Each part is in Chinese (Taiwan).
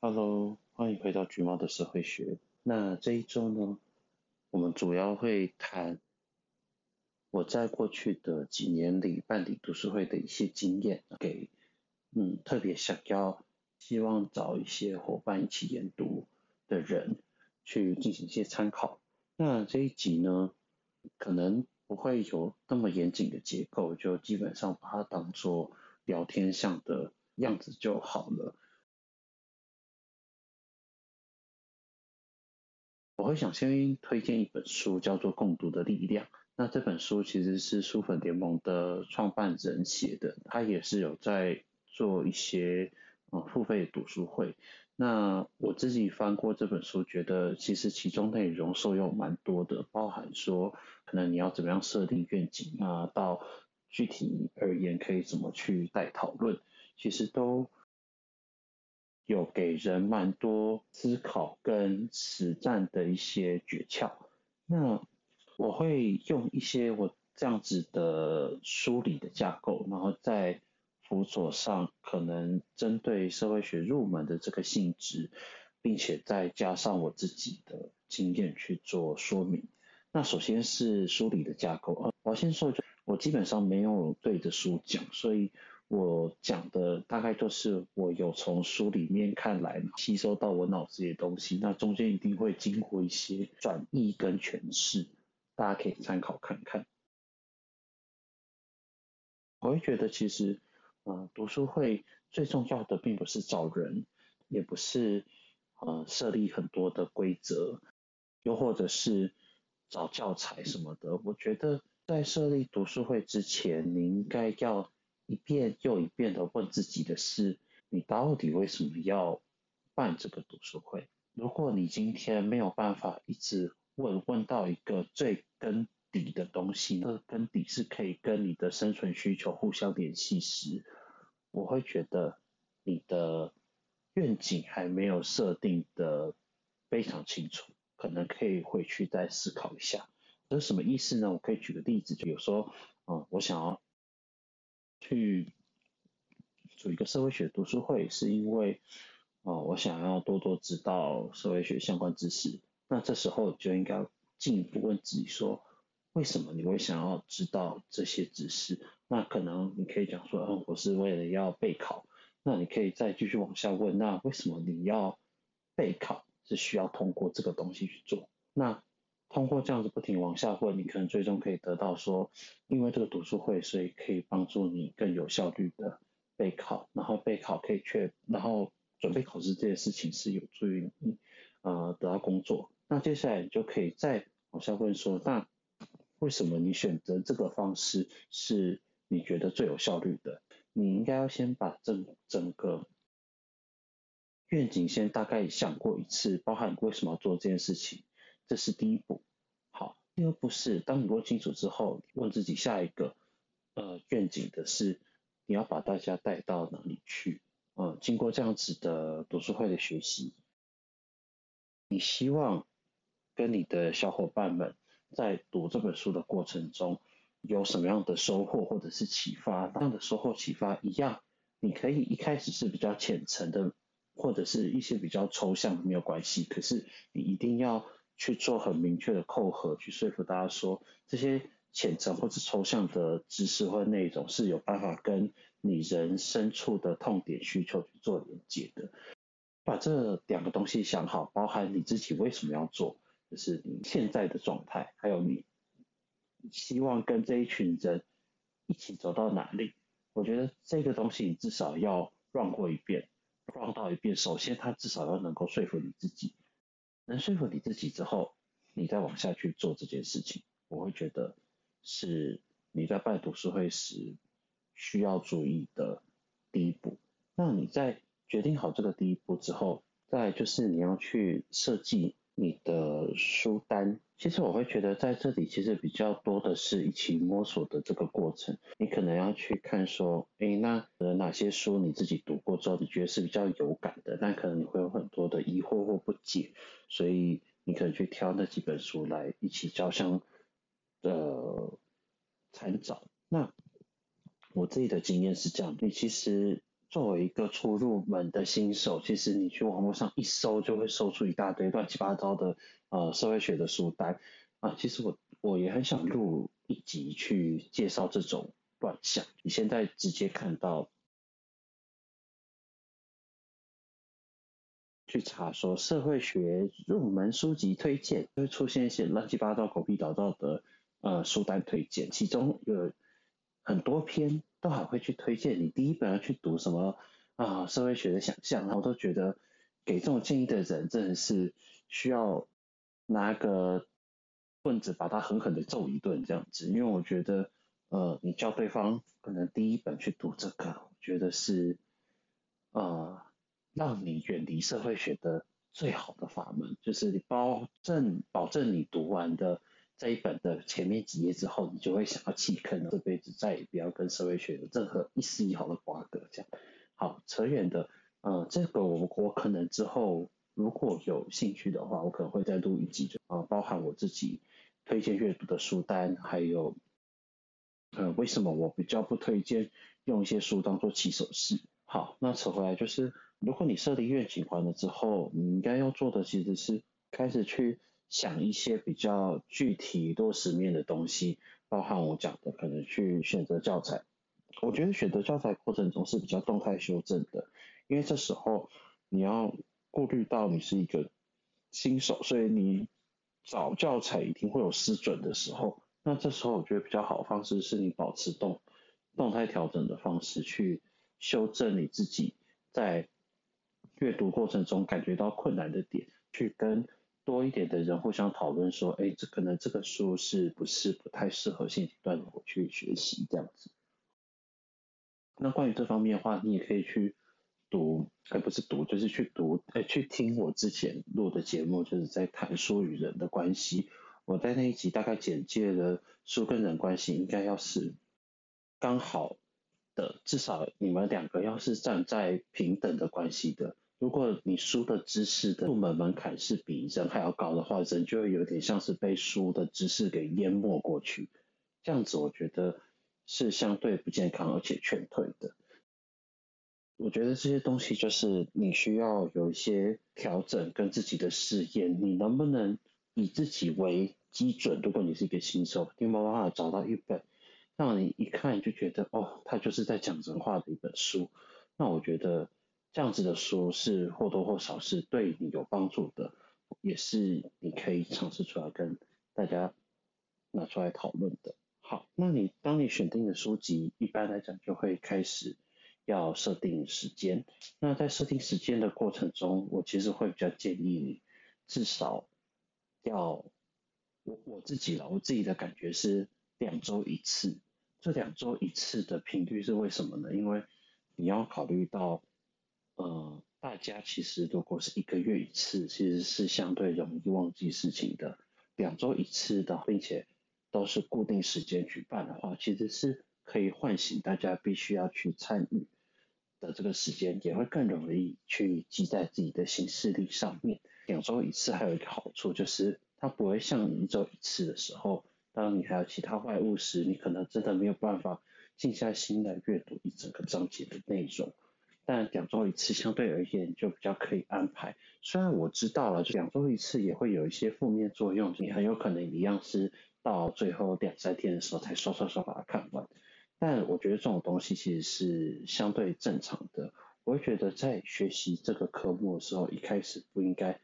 哈嘍，Hello, 歡迎回到橘貓的社會學。那這一周呢，我們主要會談我在過去的幾年裡辦理讀書會的一些經驗，給嗯特別想要希望找一些夥伴一起研讀的人去進行一些參考。那這一集呢，可能不會有那麼嚴謹的結構，就基本上把它當做聊天上的樣子就好了。我會想先推薦一本書，叫做《共讀的力量》。那這本書其實是書粉聯盟的創辦人寫的，他也是有在做一些、嗯、付費讀書會。那我自己翻過這本書，覺得其實其中內容受用蠻多的，包含說可能你要怎麼樣設定願景啊，到具體而言可以怎麼去帶討論，其實都。有給人蠻多思考跟實戰的一些訣竅。那我會用一些我這樣子的梳理的架構，然後在輔佐上，可能針對社會學入門的這個性質，並且再加上我自己的經驗去做說明。那首先是梳理的架構啊，我先說一說，我基本上沒有對着書講，所以。我講的大概就是我有從書裡面看來，吸收到我腦子裡的東西，那中間一定會經過一些轉譯跟詮釋，大家可以參考看看。我會覺得其實，嗯、呃，讀書會最重要的並不是找人，也不是嗯，呃，設立很多的規則，又或者是找教材什麼的。我覺得在設立讀書會之前，你應該要。一遍又一遍的問自己的是，你到底為什麼要辦這個讀書會？如果你今天沒有辦法一直問問到一個最根底的東西，那根底是可以跟你的生存需求互相聯繫時，我會覺得你的願景還沒有設定得非常清楚，可能可以回去再思考一下。這是什麼意思呢？我可以舉個例子，就有時候，嗯，我想要。去組一個社會學讀書會，是因為、呃、我想要多多知道社會學相關知識。那這時候就應該進一步問自己說，為什麼你會想要知道這些知識？那可能你可以講說，嗯、啊，我是為了要備考。那你可以再繼續往下問，那為什麼你要備考？是需要通過這個東西去做？那通過這樣子不停往下問，你可能最終可以得到說，因為這個讀書會，所以可以幫助你更有效率的備考，然後備考可以確，然後準備考試這件事情是有助於你，呃，得到工作。那接下來你就可以再往下問說，那為什麼你選擇這個方式是你覺得最有效率的？你應該要先把整整個願景先大概想過一次，包含你為什麼要做這件事情。這是第一步。好，第二步是當你問清楚之後，問自己下一個，呃，願景的是你要把大家帶到哪裡去？呃，經過這樣子的讀書會的學習，你希望跟你的小夥伴們在讀這本書的過程中有什麼樣的收穫或者是啟發？這樣的收穫啟發一樣，你可以一開始是比較淺層的，或者是一些比較抽象，沒有關係。可是你一定要。去做很明確的扣合，去說服大家說，這些淺層或者抽象的知識或那種是有辦法跟你人深處的痛點需求去做連接的。把這兩個東西想好，包含你自己為什麼要做，就是你現在的狀態，還有你希望跟這一群人一起走到哪裡。我覺得這個東西你至少要 run 過一遍，run 到一遍，首先它至少要能夠說服你自己。能說服你自己之後，你再往下去做這件事情，我會覺得是你在辦讀書會時需要注意的第一步。那你在決定好這個第一步之後，再就是你要去設計。你的書單，其實我會覺得在這裡其實比較多的是一起摸索的這個過程。你可能要去看說，哎、欸，那可能哪些書你自己讀過之後，你覺得是比較有感的，那可能你會有很多的疑惑或不解，所以你可能去挑那幾本書來一起交相的參照。那我自己的經驗是這樣，你其實。作為一個初入門的新手，其實你去網絡上一搜，就會搜出一大堆亂七八糟的呃社會學的書單啊。其實我我也很想錄一集去介紹這種亂象。你現在直接看到去查說社會學入門書籍推薦，就會出現一些亂七八糟、狗屁倒灶的呃書單推薦，其中有很多篇。都還會去推薦你第一本要去讀什麼啊、呃、社會學的想象，然後我都覺得給這種建議的人真的是需要拿個棍子把他狠狠的揍一頓這樣子，因為我覺得呃你叫對方可能第一本去讀這個，我覺得是呃讓你遠離社會學的最好的法門，就是你保證保證你讀完的，這一本的前面幾頁之後，你就會想要棄坑，這輩子再也不要跟社會學有任何一絲一毫的瓜葛。這樣，好，扯遠的，呃，這個我我可能之後如果有興趣的話，我可能會再錄一集，呃，包含我自己推薦閱讀的書單，還有，呃，為什麼我比較不推薦用一些書當做起手式。好，那扯回來就是，如果你設定願景完了之後，你應該要做的其實是開始去。想一些比較具體多層面的東西，包含我講的，可能去選擇教材。我覺得選擇教材過程中是比較動態修正的，因為這時候你要顧慮到你是一個新手，所以你找教材一定會有失準的時候。那這時候我覺得比較好的方式是你保持動動態調整的方式去修正你自己在閱讀過程中感覺到困難的點，去跟。多一點的人互相討論說，哎、欸，這可能這個書是不是不太適合現階段我去學習這樣子。那關於這方面的話，你也可以去讀，哎、欸，不是讀，就是去讀，哎、欸，去聽我之前錄的節目，就是在談書與人的關係。我在那一集大概簡介了書跟人關係，應該要是剛好的，至少你們兩個要是站在平等的關係的。如果你書的知識的入門門檻是比人還要高的話，人就會有點像是被書的知識給淹沒過去。這樣子，我覺得是相對不健康而且勸退的。我覺得這些東西就是你需要有一些調整跟自己的試驗。你能不能以自己為基準？如果你是一個新手，你沒有辦法找到一本讓你一看就覺得哦，它就是在講人話的一本書。那我覺得。這樣子的書是或多或少是對你有幫助的，也是你可以嘗試出來跟大家拿出來討論的。好，那你當你選定的書籍，一般來講就會開始要設定時間。那在設定時間的過程中，我其實會比較建議你至少要我，我自己啦，我自己的感覺是兩周一次。這兩周一次的頻率是為什麼呢？因為你要考慮到。呃，大家其實如果是一個月一次，其實是相對容易忘記事情的。兩周一次的，並且都是固定時間舉辦的話，其實是可以喚醒大家必須要去參與的這個時間，也會更容易去記在自己的行事曆上面。兩周一次還有一個好處就是，它不會像一周一次的時候，當你還有其他外務時，你可能真的沒有辦法靜下心來閱讀一整個章節的內容。但兩周一次相對而言就比較可以安排，雖然我知道了就兩周一次也會有一些負面作用，你很有可能一樣是到最後兩三天的時候才刷刷刷把它看完。但我覺得這種東西其實是相對正常的。我會覺得在學習這個科目的時候，一開始不應該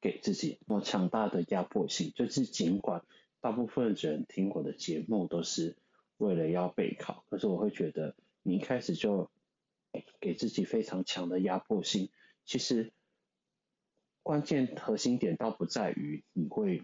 給自己那麼強大的壓迫性。就是儘管大部分人聽我的節目都是為了要備考，可是我會覺得你一開始就。給自己非常強的壓迫性。其實關鍵核心點倒不在於你會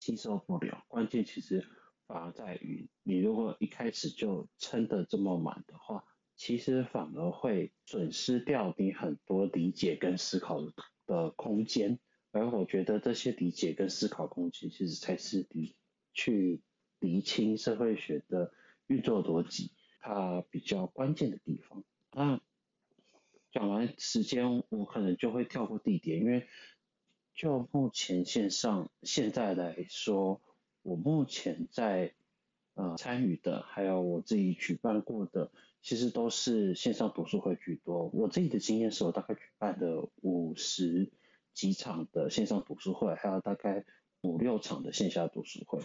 吸收不了，關鍵其實反而在於你如果一開始就撐得這麼滿的話，其實反而會損失掉你很多理解跟思考的空間。而我覺得這些理解跟思考空間，其實才是你。去釐清社會學的運作邏輯，它比較關鍵的地方。那講完時間，我可能就會跳過地點，因為就目前線上現在來說，我目前在呃參與的，還有我自己舉辦過的，其實都是線上讀書會居多。我自己的經驗是我大概舉辦的五十幾場的線上讀書會，還有大概五六場的線下讀書會。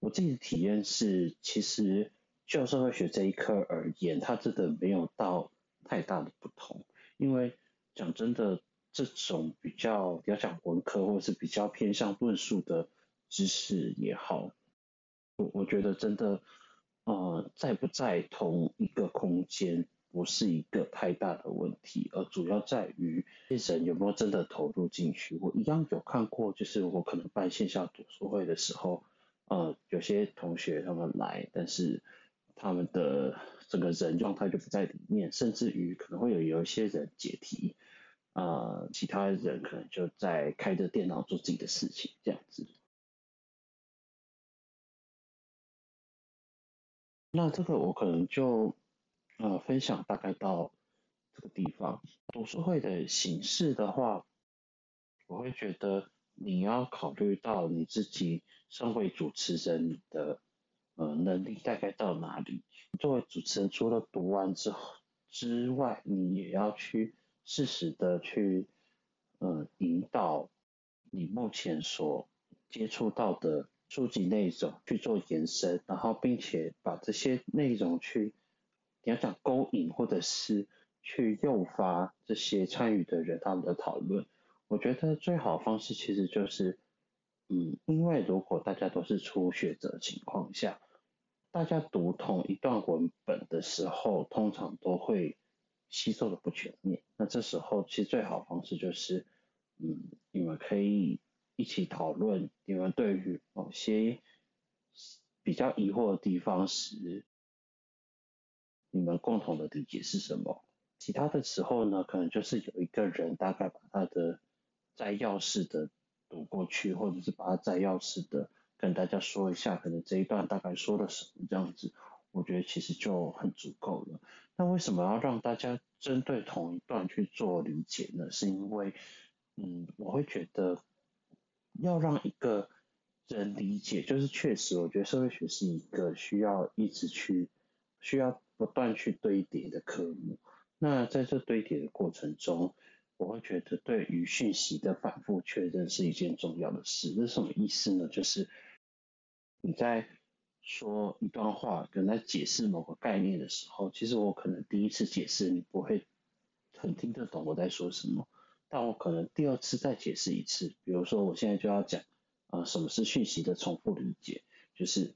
我自己的體驗是，其實就社會學這一科而言，它真的沒有到太大的不同。因為講真的，這種比較比較講文科或者是比較偏向論述的知識也好，我我覺得真的，呃，在不在同一個空間，不是一個太大的問題，而主要在於這人有沒有真的投入進去。我一樣有看過，就是我可能辦線下讀書會的時候。呃，有些同學他們來，但是他們的整個人狀態就不在裡面，甚至於可能會有有一些人解題，啊、呃，其他人可能就在開着電腦做自己的事情，這樣子。那這個我可能就呃分享大概到這個地方。讀書會的形式的話，我會覺得你要考慮到你自己。身為主持人的呃能力大概到哪裡？作為主持人，除了讀完之之外，你也要去適時的去呃、嗯、引導你目前所接觸到的書籍內容去做延伸，然後並且把這些內容去你要想勾引或者是去誘發這些參與的人他們的討論。我覺得最好方式其實就是。嗯，因為如果大家都是初學者情況下，大家讀同一段文本的時候，通常都會吸收的不全面。那這時候其實最好方式就是，嗯，你們可以一起討論，你們對於某些比較疑惑的地方時，你們共同的理解是什麼？其他的時候呢，可能就是有一個人大概把他的摘要式的讀過去，或者是把它摘要式的跟大家說一下，可能這一段大概說了什麼這樣子，我覺得其實就很足夠了。那為什麼要讓大家針對同一段去做理解呢？是因為，嗯，我會覺得要讓一個人理解，就是確實，我覺得社會學是一個需要一直去需要不斷去堆疊的科目。那在這堆疊的過程中，我會覺得對於訊息的反覆確認是一件重要的事。這是什麼意思呢？就是你在說一段話，跟在解釋某個概念的時候，其實我可能第一次解釋你不會很聽得懂我在說什麼，但我可能第二次再解釋一次。比如說我現在就要講，呃，什麼是訊息的重複理解？就是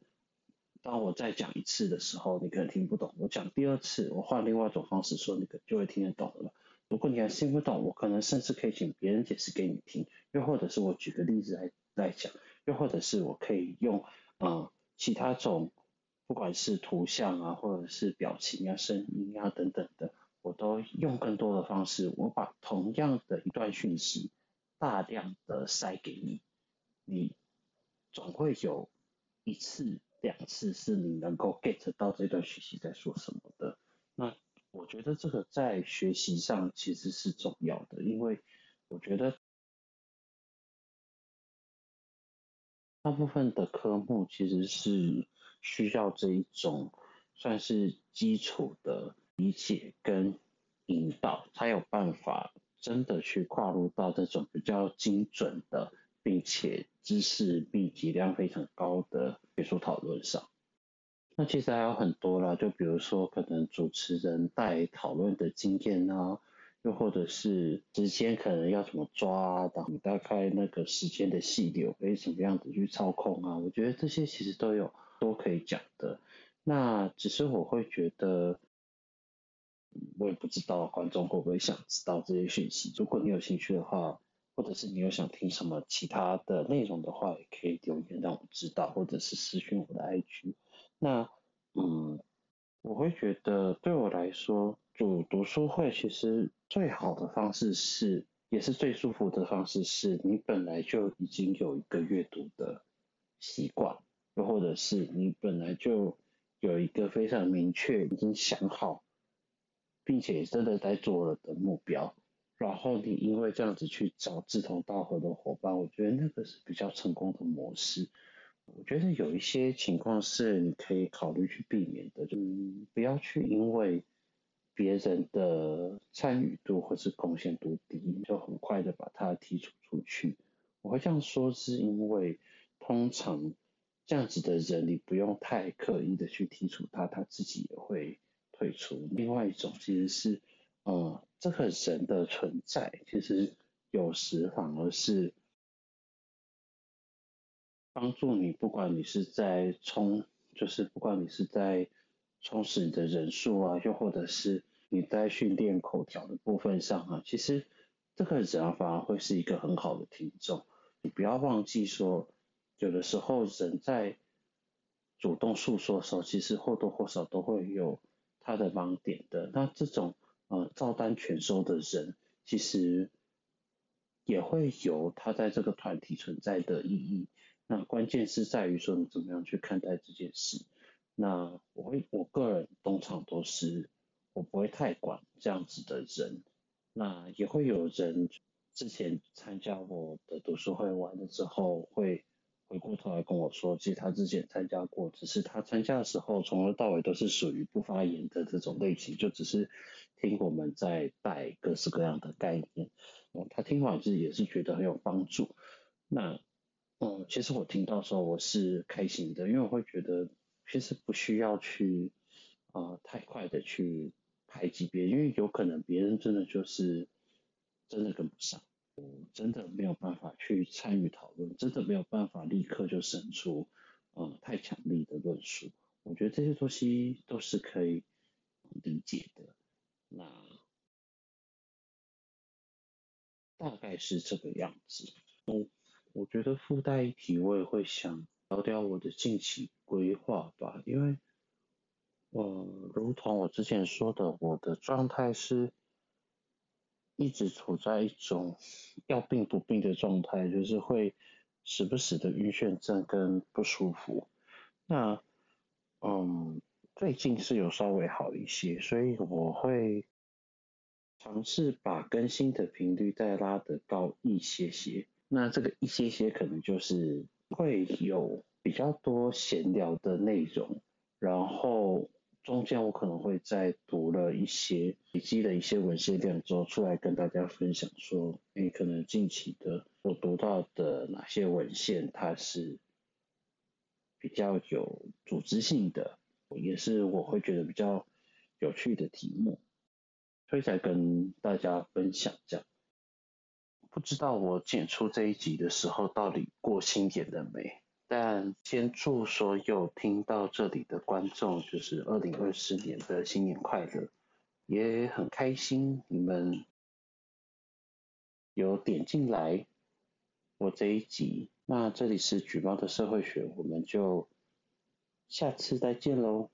當我再講一次的時候，你可能聽不懂；我講第二次，我換另外一種方式說，你就會聽得懂了。如果你還聽不懂，我可能甚至可以請別人解釋給你聽，又或者是我舉個例子來來講，又或者是我可以用啊、呃、其他種，不管是圖像啊，或者是表情啊、聲音啊等等的，我都用更多的方式，我把同樣的一段訊息大量的塞給你，你總會有一次兩次是你能夠 get 到這段訊息在說什麼的。那我覺得這個在學習上其實是重要的，因為我覺得大部分的科目其實是需要這一種算是基礎的理解跟引導，才有辦法真的去跨入到這種比較精準的，並且知識密集量非常高的學術討論上。那其實還有很多啦，就比如說可能主持人帶討論的經驗啊，又或者是時間可能要怎麼抓啊，大概那個時間的細流，可以怎麼樣子去操控啊。我覺得這些其實都有，都可以講的。那只是我會覺得，我也不知道觀眾會不會想知道這些訊息。如果你有興趣的話，或者是你有想聽什麼其他的內容的話，也可以留言讓我知道，或者是私訊我的 IG。那嗯，我會覺得對我來說，組讀書會其實最好的方式是，也是最舒服的方式是，你本來就已經有一個閱讀的習慣，又或者是你本來就有一個非常明確、已經想好，並且真的在做了的目標，然後你因為這樣子去找志同道合的夥伴，我覺得那個是比較成功的模式。我覺得有一些情況是你可以考慮去避免的，就不要去因為別人的參與度或是貢獻度低，就很快的把他剔除出去。我會這樣說，是因為通常這樣子的人，你不用太刻意的去剔除他，他自己也會退出。另外一種其實是，呃，這個人的存在，其實有時反而是。幫助你，不管你是在充，就是不管你是在充實你的人數啊，又或者是你在訓練口條的部分上啊，其實這個人啊反而會是一個很好的聽眾。你不要忘記說，有的時候人在主動訴說的時候，其實或多或少都會有他的盲點的。那這種呃照單全收的人，其實也會有他在這個團體存在的意義。那關鍵是在於說你怎麼樣去看待這件事。那我會我個人通常都是我不會太管這樣子的人。那也會有人之前參加我的讀書會完了之後，會回過頭來跟我說，其實他之前參加過，只是他參加的時候從頭到尾都是屬於不發言的這種類型，就只是聽我們在帶各式各樣的概念。然後，嗯，他聽完其實也是覺得很有幫助。那。嗯，其實我聽到的時候，我是開心的，因為我會覺得其實不需要去呃太快的去排擠別人，因為有可能別人真的就是真的跟不上，我真的沒有辦法去參與討論，真的沒有辦法立刻就生出呃太強力的論述，我覺得這些東西都是可以理解的，那大概是這個樣子。嗯。我覺得附帶一提，我也會想聊聊我的近期規劃吧，因為，呃，如同我之前說的，我的狀態是，一直處在一種要病不病的狀態，就是會時不時的暈眩症跟不舒服。那，嗯，最近是有稍微好一些，所以我會嘗試把更新的頻率再拉得高一些些。那這個一些些可能就是會有比較多閒聊的內容，然後中間我可能會再讀了一些累積的一些文獻量之後出來跟大家分享說，你可能近期的我讀到的哪些文獻它是比較有組織性的，也是我會覺得比較有趣的題目，所以才跟大家分享這樣。不知道，我剪出這一集的時候到底過新年了沒？但先祝所有聽到這裡的觀眾，就是二零二四年的新年快樂，也很開心你們有點進來我這一集。那這裡是橘貓的社會學，我們就下次再見嘍。